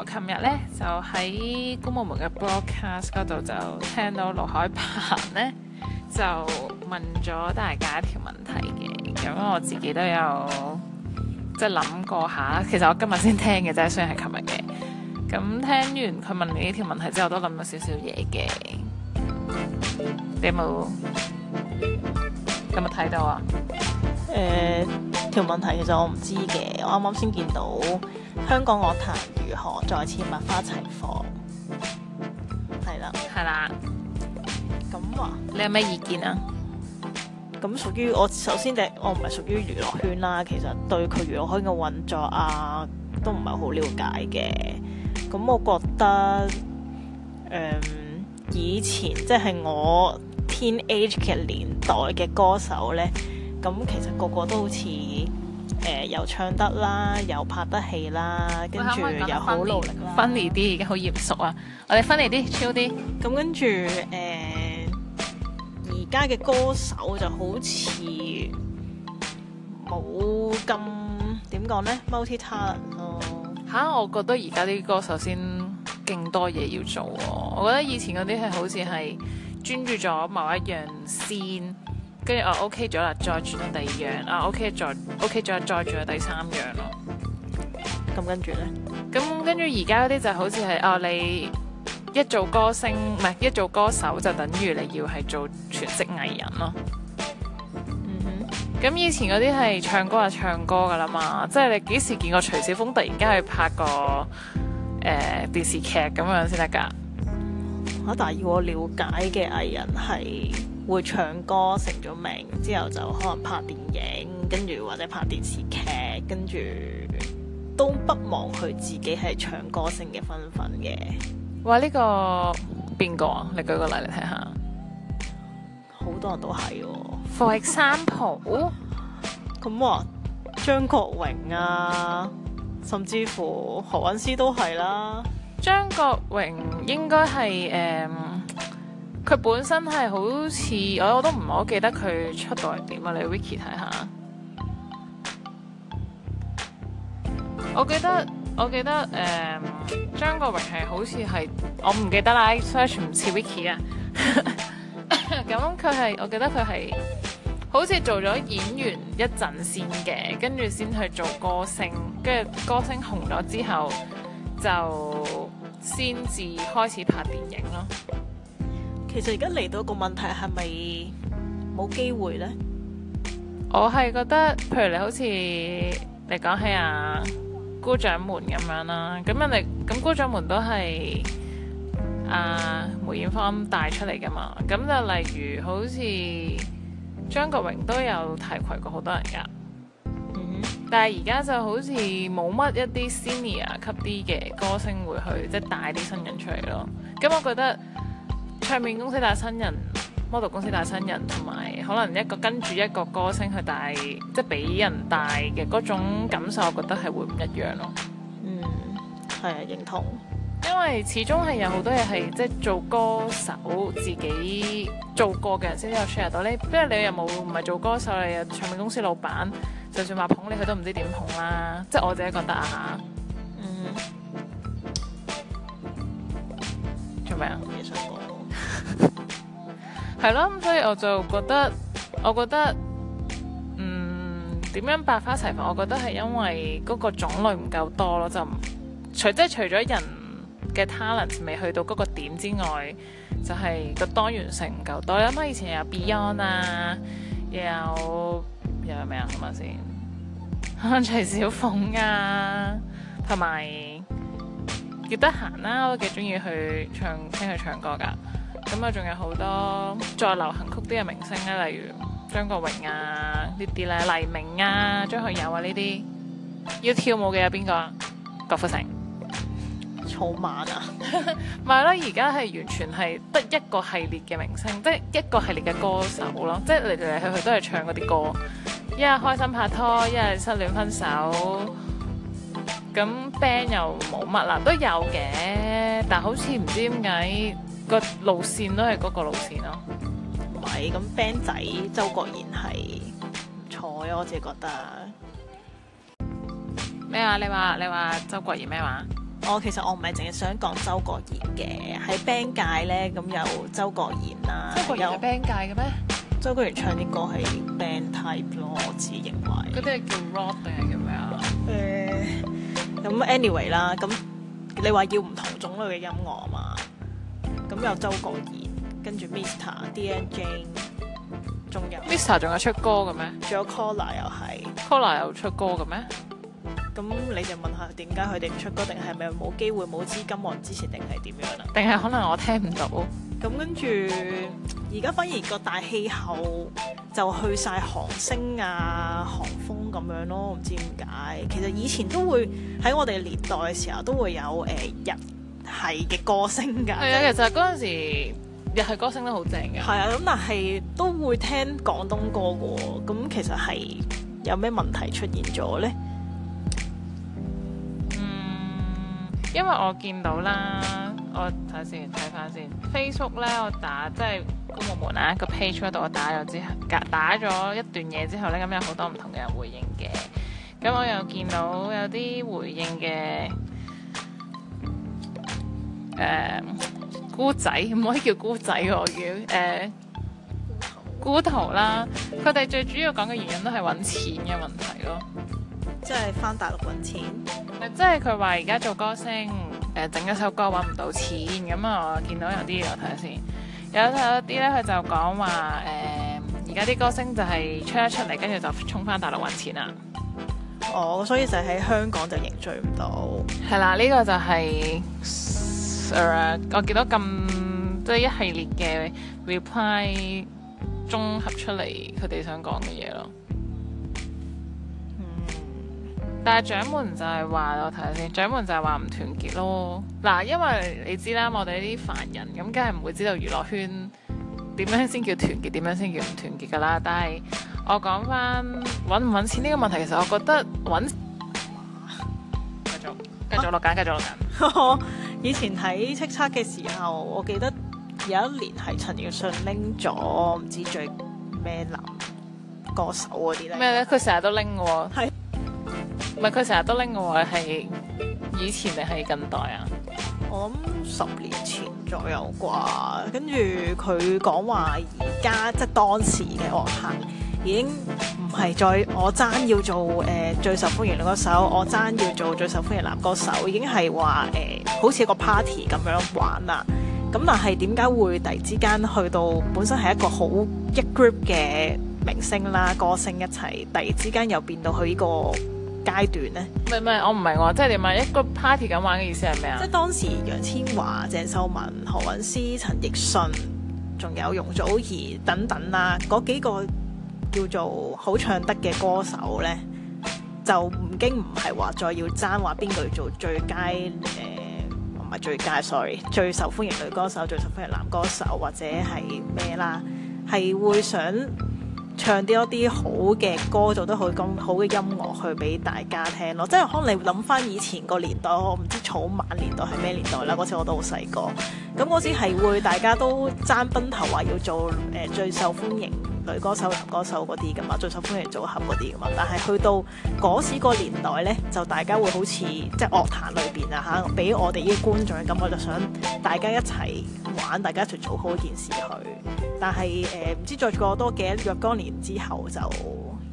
我琴日咧就喺公務員嘅 broadcast 嗰度就聽到盧海鵬咧就問咗大家一條問題嘅，咁我自己都有即係諗過下。其實我今日先聽嘅啫，雖然係琴日嘅。咁聽完佢問你呢條問題之後，都諗咗少少嘢嘅。你有冇今日睇到啊？誒、呃，條問題其實我唔知嘅，我啱啱先見到。香港樂壇如何再次百花齊放？係啦，係啦的，咁啊那，你有咩意見啊？咁屬於我首先，就我唔係屬於娛樂圈啦，其實對佢娛樂圈嘅運作啊，都唔係好了解嘅。咁我覺得，嗯，以前即係、就是、我 teenage 嘅年代嘅歌手呢，咁其實個個都好似。誒、呃、又唱得啦，又拍得戲啦，跟住又好努力。分離啲已經好嚴肅啊！我哋分離啲超啲。咁跟住誒，而家嘅歌手就好似冇咁點講呢 multi talent 咯。嚇、啊！我覺得而家啲歌手先勁多嘢要做喎，哦。我覺得以前嗰啲係好似係專注咗某一樣先。跟住啊，OK 咗啦，再轉到第二樣，啊 OK，再 OK，再再轉到第三樣咯。咁跟住咧，咁跟住而家嗰啲就好似係啊，你一做歌星唔係、呃、一做歌手就等於你要係做全職藝人咯。嗯哼，咁以前嗰啲係唱歌就唱歌噶啦嘛，即係你幾時見過徐小鳳突然間去拍個誒、呃、電視劇咁樣先得噶？啊，但係要我了解嘅藝人係。會唱歌成咗名之後就可能拍電影，跟住或者拍電視劇，跟住都不忘佢自己係唱歌星嘅身份嘅。哇！呢、這個邊個啊？你舉個例嚟睇下。好多人都係喎、啊。For example，咁啊，張國榮啊，甚至乎何韻詩都係啦、啊。張國榮應該係誒。Um 佢本身係好似，我我都唔係好記得佢出道係點啊！你 Wiki 睇下。我記得，我記得誒、呃、張國榮係好似係，我唔記得啦。I Search 唔似 Wiki 啊。咁佢係，我記得佢係好似做咗演員一陣先嘅，跟住先去做歌星，跟住歌星紅咗之後就先至開始拍電影咯。其實而家嚟到個問題係咪冇機會呢？我係覺得，譬如你好似你講起啊，姑丈們咁樣啦，咁人哋咁姑丈們都係阿梅艷芳帶出嚟噶嘛，咁就例如好似張國榮都有提攜過好多人噶，嗯，但係而家就好似冇乜一啲 senior 級啲嘅歌星會去即係帶啲新人出嚟咯，咁、嗯就是嗯、我覺得。唱片公司帶新人，model 公司帶新人，同埋可能一個跟住一個歌星去帶，即係俾人帶嘅嗰種感受，我覺得係會唔一樣咯。嗯，係啊，認同。因為始終係有好多嘢係即係做歌手自己做過嘅人先有 share 到咧，因為你又冇唔係做歌手你嘅，唱片公司老闆就算話捧你，佢都唔知點捧啦。即係我自己覺得吓、啊。嗯。做咩啊？你想講？係咯，咁所以我就覺得，我覺得，嗯，點樣百花齊放？我覺得係因為嗰個種類唔夠多咯，就除即係除咗人嘅 talent 未去到嗰個點之外，就係、是、個多元性唔夠多。你諗下，以前有 Beyond 啊，又有又有咩啊？係咪先？ 徐小鳳啊，同埋葉德嫻啦，我都幾中意去唱聽佢唱歌㗎。咁啊，仲有好多再流行曲啲嘅明星咧，例如張國榮啊呢啲咧，黎明啊，張學友啊呢啲。要跳舞嘅有邊個？郭富城。草蜢啊？咪咯，而家係完全係得一個系列嘅明星，即係一個系列嘅歌手咯，即係嚟嚟去去都係唱嗰啲歌，一係開心拍拖，一係失戀分手。咁 band 又冇乜啦，都有嘅，但係好似唔知點解。路個路線都係嗰個路線咯，咪咁 band 仔，周國賢係唔錯啊。我自己覺得。咩啊？你話你話周國賢咩話？我、哦、其實我唔係淨係想講周國賢嘅喺 band 界咧，咁有周國賢啦。周國賢係 band 界嘅咩？周國賢唱啲歌係 band type 咯，我自己認為。嗰啲係叫 rock 定係叫咩啊？誒、呃，咁 anyway 啦，咁你話要唔同種類嘅音樂啊嘛？咁有周國賢，跟住 Mr. D.N.J，仲有 Mr. 仲有出歌嘅咩？仲有 Collar 又係，Collar 又出歌嘅咩？咁你就問下點解佢哋唔出歌，定係咪冇機會、冇資金望支持，定係點樣啦？定係可能我聽唔到。咁跟住而家反而個大氣候就去晒韓星啊、韓風咁樣咯，唔知點解。其實以前都會喺我哋年代嘅時候都會有誒人。呃係嘅歌星噶，係啊，其實嗰陣時又係歌星都好正嘅，係啊，咁但係都會聽廣東歌噶喎，咁其實係有咩問題出現咗呢？嗯，因為我見到啦，我睇先睇翻先，Facebook 咧，我打即係公務門啊個 page 嗰度，我打咗之後，打咗一段嘢之後咧，咁有好多唔同嘅人回應嘅，咁我又見到有啲回應嘅。誒，孤、uh, 仔唔可以叫姑仔嘅，我叫誒孤頭啦。佢哋最主要講嘅原因都係揾錢嘅問題咯，即係翻大陸揾錢。即係佢話而家做歌星，誒、呃、整一首歌揾唔到錢，咁啊我見到有啲，嘢，我睇下先看看，有一啲呢，佢就講話誒，而家啲歌星就係出一出嚟，跟住就衝翻大陸揾錢啦。哦，所以就喺香港就凝聚唔到。係啦，呢、這個就係、是。我見到，咁即係一系列嘅 reply 綜合出嚟，佢哋想講嘅嘢咯。但係掌門就係話，我睇下先，掌門就係話唔團結咯。嗱，因為你知啦，我哋呢啲凡人咁，梗係唔會知道娛樂圈點樣先叫團結，點樣先叫唔團結噶啦。但係我講翻揾唔揾錢呢個問題，其實我覺得揾繼續繼續落緊，繼續落緊。繼續 以前喺叱咤嘅時候，我記得有一年係陳奕迅拎咗唔知最咩男歌手嗰啲咧。咩咧？佢成日都拎嘅喎。係是。唔係佢成日都拎嘅喎，係以前定係近代啊？我諗十年前左右啩。跟住佢講話，而家即當時嘅樂壇已經。唔係再我爭要做誒、呃、最受歡迎女歌手，我爭要做最受歡迎男歌手，已經係話誒好似一個 party 咁樣玩啦。咁但係點解會突然之間去到本身係一個好一 group 嘅明星啦、歌星一齊，突然之間又變到去呢個階段呢？唔係唔係，我唔明喎、哦，即係你問一個 party 咁玩嘅意思係咩啊？即係當時楊千嬅、鄭秀文、何韻詩、陳奕迅，仲有容祖兒等等啦，嗰幾個。叫做好唱得嘅歌手呢，就唔經唔係話再要爭話邊個做最佳誒，唔、呃、唔係最佳，sorry，最受歡迎女歌手、最受歡迎男歌手或者係咩啦，係會想唱啲一啲好嘅歌，做得好咁好嘅音樂去俾大家聽咯。即係可能你諗翻以前個年代，我唔知草蜢年代係咩年代啦，嗰時我都好細個，咁嗰時係會大家都爭崩頭話要做誒、呃、最受歡迎，女歌手、男歌手嗰啲噶嘛，最受歡迎組合嗰啲噶嘛，但係去到嗰時個年代呢，就大家會好似即係樂壇裏邊啊嚇，俾我哋啲觀眾咁、嗯，我就想大家一齊玩，大家一齊做好件事去。但係誒，唔、呃、知再過多幾若干年之後就，就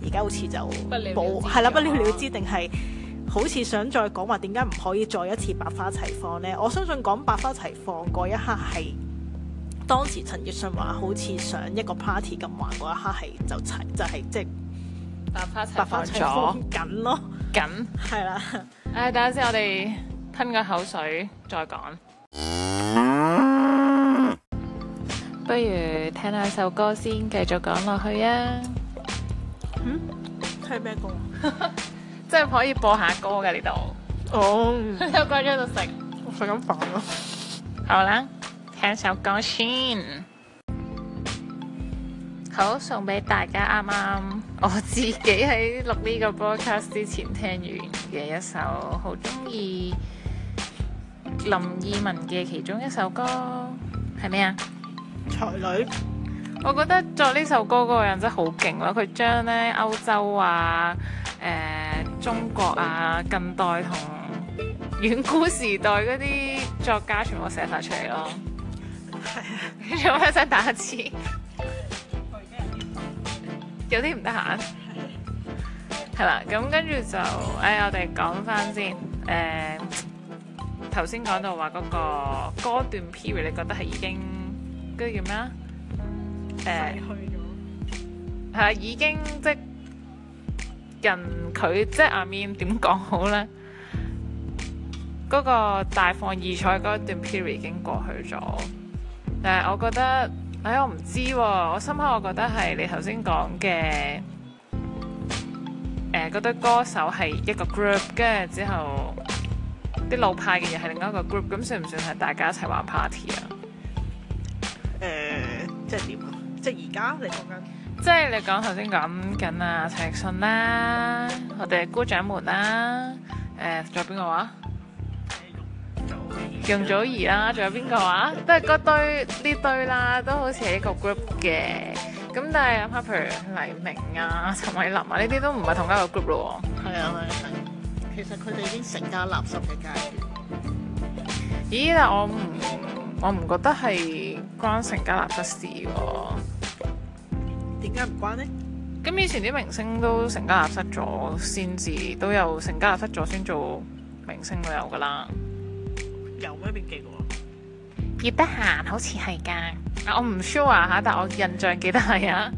而家好似就冇係啦，不了了之定係好似想再講話點解唔可以再一次百花齊放呢？我相信講百花齊放嗰一刻係。當時陳奕迅話好似上一個 party 咁玩嗰一刻係就齊，就係、是、即係百花齊放緊咯，緊係啦。誒、呃，等下先，我哋吞個口水再講。嗯、不如聽下首歌先，繼續講落去啊！嗯，聽咩歌啊？即係 可以播下歌嘅呢度。哦，收鬼喺度食，我食緊飯啊！好啦。聽首歌先，好送俾大家。啱啱我自己喺錄呢個 broadcast 之前聽完嘅一首，好中意林二汶嘅其中一首歌，係咩？啊？才女，我覺得作呢首歌嗰個人真係好勁咯！佢將咧歐洲啊、誒、呃、中國啊、近代同遠古時代嗰啲作家全部寫晒出嚟咯。係啊，做咩想打字？ 有啲唔得閒，係啦。咁跟住就，誒、哎，我哋講翻先。誒、呃，頭先講到話嗰個歌段 period，你覺得係已經，嗰個叫咩啊？誒，係啊，已經即人，佢即係 I mean 點講好咧？嗰、嗰個大放異彩嗰一段 period 已經過去咗。誒，但我覺得，誒、哎，我唔知喎、啊。我深刻，我覺得係你頭先講嘅，誒、呃，嗰堆歌手係一個 group，跟住之後，啲老派嘅嘢係另一個 group，咁算唔算係大家一齊玩 party 啊？誒、呃，即係點啊？即係而家你講緊，即係你講頭先講緊啊，陳奕迅啦，我哋姑掌們啦，呃，仲有邊個話？容祖兒啦，仲有邊個啊？都係嗰堆呢堆啦，都好似喺個 group 嘅。咁但係譬如黎明啊、陳偉林啊呢啲都唔係同一個 group 咯。係啊，係。其實佢哋已經成家立室嘅階段。咦？但我唔，我唔覺得係關成家立室事喎。點解唔關呢？咁以前啲明星都成家立室咗先至，都有成家立室咗先做明星都有噶啦。有咩？邊幾個啊？葉德嫻好似係噶，我唔 sure 吓，但我印象記得係啊。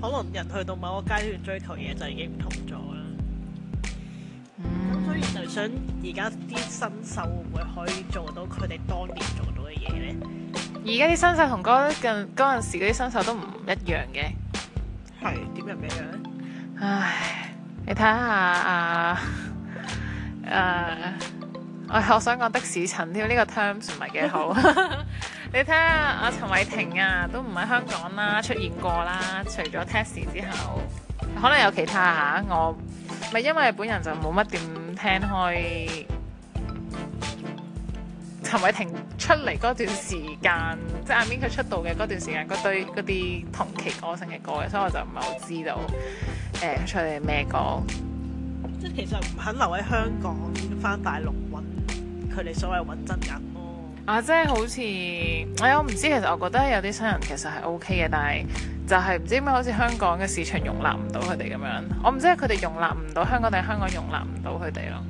可能人去到某個階段追求嘢，就已經唔同咗啦。咁、嗯、所以就想，而家啲新手會唔會可以做到佢哋當年做到嘅嘢咧？而家啲新手同嗰陣嗰陣時嗰啲新手都唔一樣嘅。係點樣唔一樣咧？唉，你睇下啊啊！呃呃 嗯哎、我想講的士陳添呢個 terms 唔係幾好， 你睇下阿陳偉霆啊，都唔喺香港啦出現過啦，除咗 taxi 之後，可能有其他嚇、啊、我，咪因為本人就冇乜點聽開陳偉霆出嚟嗰段時間，即係阿 min 佢出道嘅嗰段時間，嗰堆嗰啲同期歌星嘅歌，所以我就唔係好知道誒、呃、出嚟咩歌，即係其實唔肯留喺香港返大陸。佢哋所謂揾真人咯、哦、啊，即係好似誒、哎，我唔知其實我覺得有啲新人其實係 O K 嘅，但係就係唔知點解好似香港嘅市場容納唔到佢哋咁樣。我唔知係佢哋容納唔到香港定係香港容納唔到佢哋咯。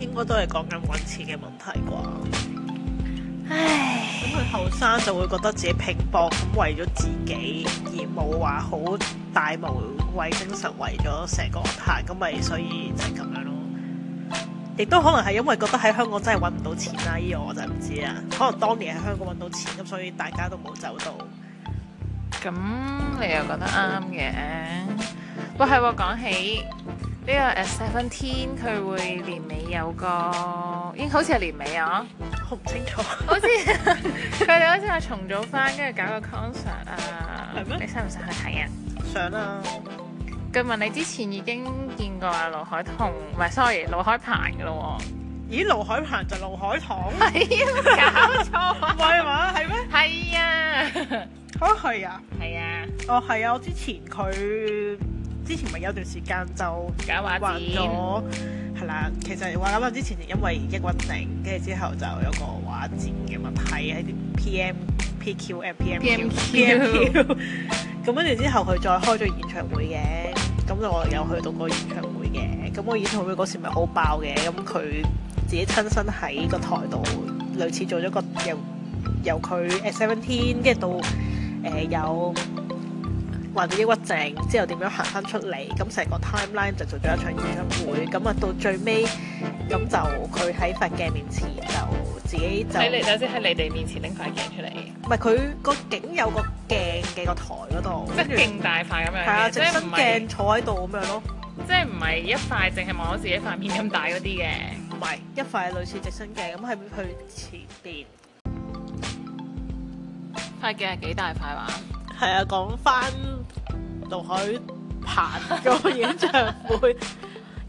應該都係講緊揾錢嘅問題啩。唉，咁佢後生就會覺得自己拼搏咁為咗自己，而冇話好大無畏精神為咗成個客，咁咪所以就係咁樣。亦都可能係因為覺得喺香港真係揾唔到錢啦，呢個我就唔知啦。可能當年喺香港揾到錢，咁所以大家都冇走到。咁你又覺得啱嘅。哇，係喎，講起呢個 at17，佢會年尾有個，應該好似係年尾啊？我唔清楚。好似佢哋好似係重組返，跟住搞個 concert 啊？係咩？你使唔使去睇啊？想啊！佢問你之前已經見過啊盧凱彤，唔係，sorry，盧海鵬嘅咯喎。咦，盧海鵬就盧海鷹？係 搞錯，唔係嘛，係咩？係啊，哦，係啊，係啊、 哦， 哦係啊，我、 哦、之前佢之前咪有段時間就搞畫展。係啦，其實話搞畫展之前因為抑鬱症，跟住之後就有個畫展嘅問題喺啲 PM。q and PMQ，咁跟住之後佢再開咗演唱會嘅，咁就我有去到個演唱會嘅，咁個演唱會嗰時咪好爆嘅，咁佢自己親身喺個台度，類似做咗個由由佢 at seventeen，跟住到誒、呃、有患咗抑鬱症，之後點樣行返出嚟，咁成個 timeline 就做咗一場演唱會，咁啊到最尾咁就佢喺佛嘅面前就。自己就喺你，首先喺你哋面前拎塊鏡出嚟。唔係佢個景有個鏡嘅個台嗰度，即係勁大塊咁樣。係啊，即係鏡坐喺度咁樣咯。即係唔係一塊淨係望到自己塊面咁大嗰啲嘅？唔係一塊類似直身鏡咁，喺去前邊塊鏡係幾大塊話？係啊，講翻杜海濱個演唱會，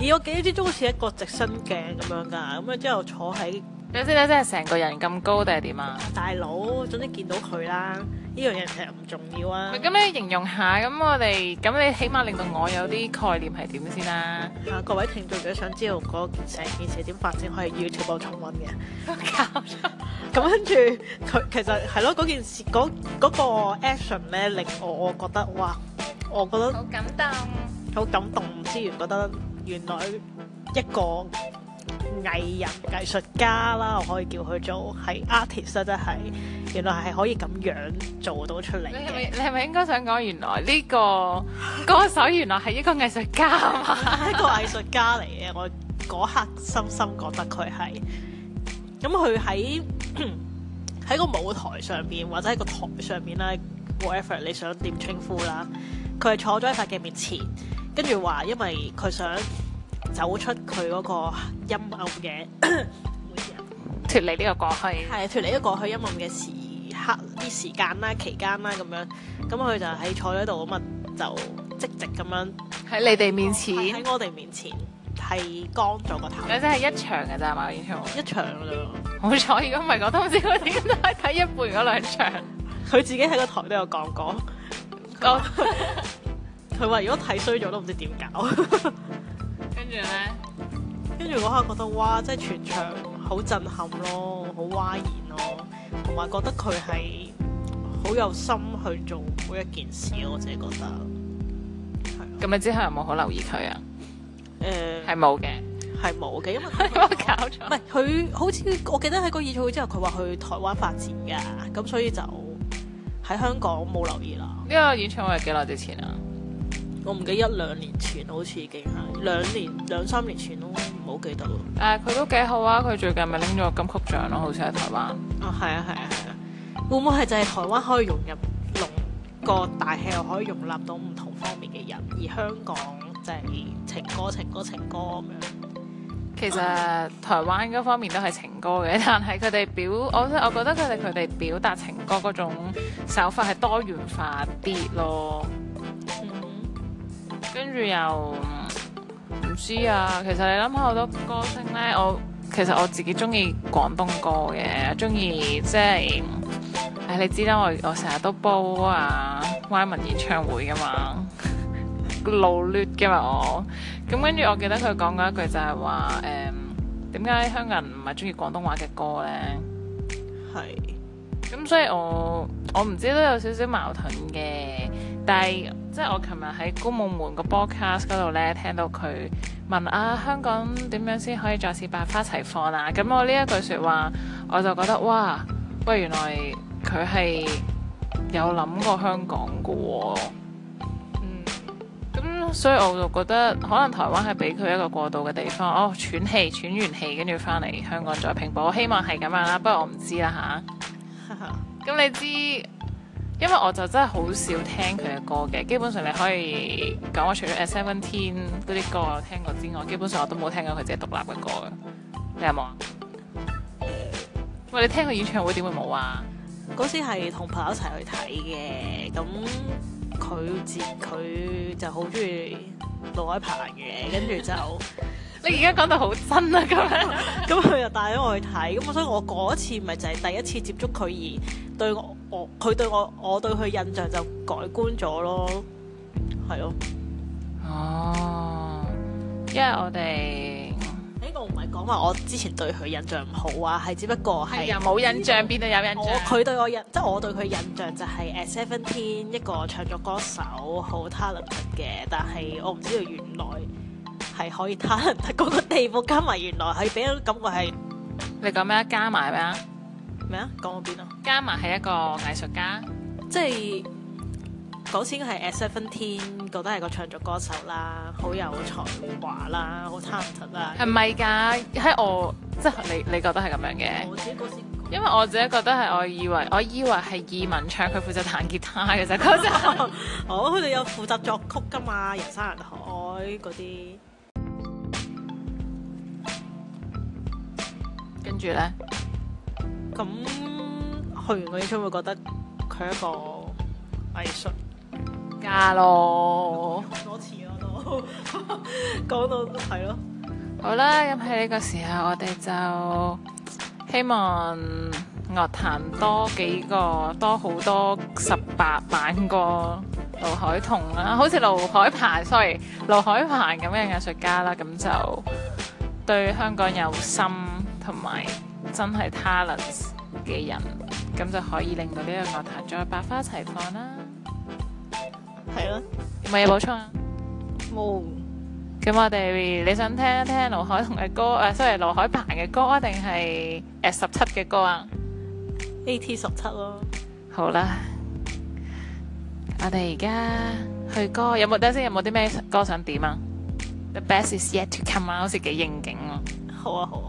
而我記得都好似一個直身鏡咁樣㗎。咁啊之後坐喺。你知唔知，即係成個人咁高定係點啊？大佬，總之見到佢啦，呢樣嘢其實唔重要啊。咁你形容下，咁我哋咁你起碼令到我有啲概念係點先啦。吓，各位聽眾如果想知道嗰件事，件事點發展，可以喺 YouTube 重溫嘅。咁跟住佢其實係咯，嗰件事，嗰嗰個 action 咧令我覺得哇，我覺得好感動，好感動之餘覺得原來一個。藝人、藝術家啦，我可以叫佢做係 artist 啦，真係，原來係可以咁樣做到出嚟。你係咪？你係咪應該想講？原來呢個歌手原來係一個藝術家嘛， 一個藝術家嚟嘅。我嗰刻深深覺得佢係。咁佢喺喺個舞台上邊或者喺個台上面啦，whatever 你想點稱呼啦，佢係坐咗喺髮鏡面前，跟住話因為佢想。走出佢嗰個陰暗嘅，脫離呢個過去，係脫離咗個過去陰暗嘅時刻，啲時間啦、期間啦咁樣，咁佢、嗯、就喺坐喺度咁啊，就即席咁樣喺你哋面前，喺我哋面前剃光咗個頭。嗱，即係一場嘅咋嘛演唱會一場㗎啫。好彩，如果唔係我都唔知佢點解都睇一半嗰兩場。佢自己喺個台都有講講講，佢話 如果睇衰咗都唔知點搞。 跟住咧，跟住我係覺得哇，即係全場好震撼咯，好嘩然咯，同埋覺得佢係好有心去做每一件事咯，我自己覺得。咁、啊，你之後有冇好留意佢啊？誒、呃，係冇嘅，係冇嘅，因為佢 搞錯，唔係佢好似我記得喺個演唱會之後佢話去台灣發展噶咁所以就喺香港冇留意啦。呢個演唱會係幾耐之前啊？我唔記得一兩年前好似已經係兩年兩三年前都唔好記得咯。佢、呃、都幾好啊！佢最近咪拎咗個金曲獎咯、啊，好似喺台灣。哦、啊，係啊，係啊，係啊！會唔會係就係台灣可以融入龍個大氣，又可以容納到唔同方面嘅人，而香港就係情歌、情歌、情歌咁樣？其實、呃、台灣嗰方面都係情歌嘅，但係佢哋表我我覺得佢哋佢哋表達情歌嗰種手法係多元化啲咯。跟住又唔知啊！其實你諗下好多歌星呢，我其實我自己中意廣東歌嘅，中意即係誒、哎、你知啦，我我成日都煲啊歪文演唱會㗎嘛，老 劣嘅嘛我。咁跟住我記得佢講過一句就係話誒，點解香港人唔係中意廣東話嘅歌呢？是」係。咁所以我，我我唔知都有少少矛盾嘅，但係。即係我琴日喺高木門個 broadcast 嗰度咧，聽到佢問啊，香港點樣先可以再次百花齊放啊？咁我呢一句說話，我就覺得哇，喂，原來佢係有諗過香港噶，哦，嗯，咁所以我就覺得可能台灣係俾佢一個過渡嘅地方哦，喘氣，喘完氣跟住翻嚟香港再拼搏，我希望係咁樣啦，不過我唔知啦吓。咁 你知？因為我就真係好少聽佢嘅歌嘅，基本上你可以講，我除咗 At Seventeen 嗰啲歌我聽過之外，基本上我都冇聽過佢自己獨立嘅歌嘅。你有冇啊？ 喂，你聽佢演唱會點會冇啊？嗰時係同朋友一齊去睇嘅，咁佢自佢就好中意攞一棚嘅，跟住就。 你而家講到好真啊咁樣，咁佢又帶咗我去睇，咁所以我嗰次咪就係第一次接觸佢而對我，我佢對我，我對佢印象就改觀咗咯，係咯，哦，因為我哋，呢個唔係講話我之前對佢印象唔好啊，係只不過係又冇印象變到有印象，佢有對我印，即係我對佢印象就係 At Seventeen 一個唱作歌手好 talent 嘅，但係我唔知道原來。係可以睇，但嗰個地步加埋，原來係俾人感覺係。你講咩加埋咩啊？咩啊？講邊啊？加埋係一個藝術家，即係嗰時係 at17 覺得係個唱作歌手啦，好有才華啦，好 talent 啦。係咪㗎？喺我即係你，你覺得係咁樣嘅？因為我自己覺得係，我以為我以為係二汶唱，佢負責彈吉他嘅啫。佢哋有負責作曲㗎嘛？人山人海嗰啲。跟住咧，咁去完個演出會覺得佢一個藝術家咯。多次咯都講到都係咯，好啦。咁喺呢個時候，我哋就希望樂壇多幾個多好多十八萬個盧凱彤啦，好似盧海鵬 sorry，盧海鵬咁嘅藝術家啦。咁就對香港有心。同埋真係 talents 嘅人，咁就可以令到呢個樂壇再百花齊放啦，係咯。有冇嘢補充啊？冇。咁我哋你想聽一聽盧凱彤嘅歌，誒，sorry，盧海鵬嘅歌啊，定係誒十七嘅歌啊？AT 十七咯。好啦，我哋而家去歌，有冇得先？有冇啲咩歌想點啊？The best is yet to come 啊，好似幾應景啊。好啊，好。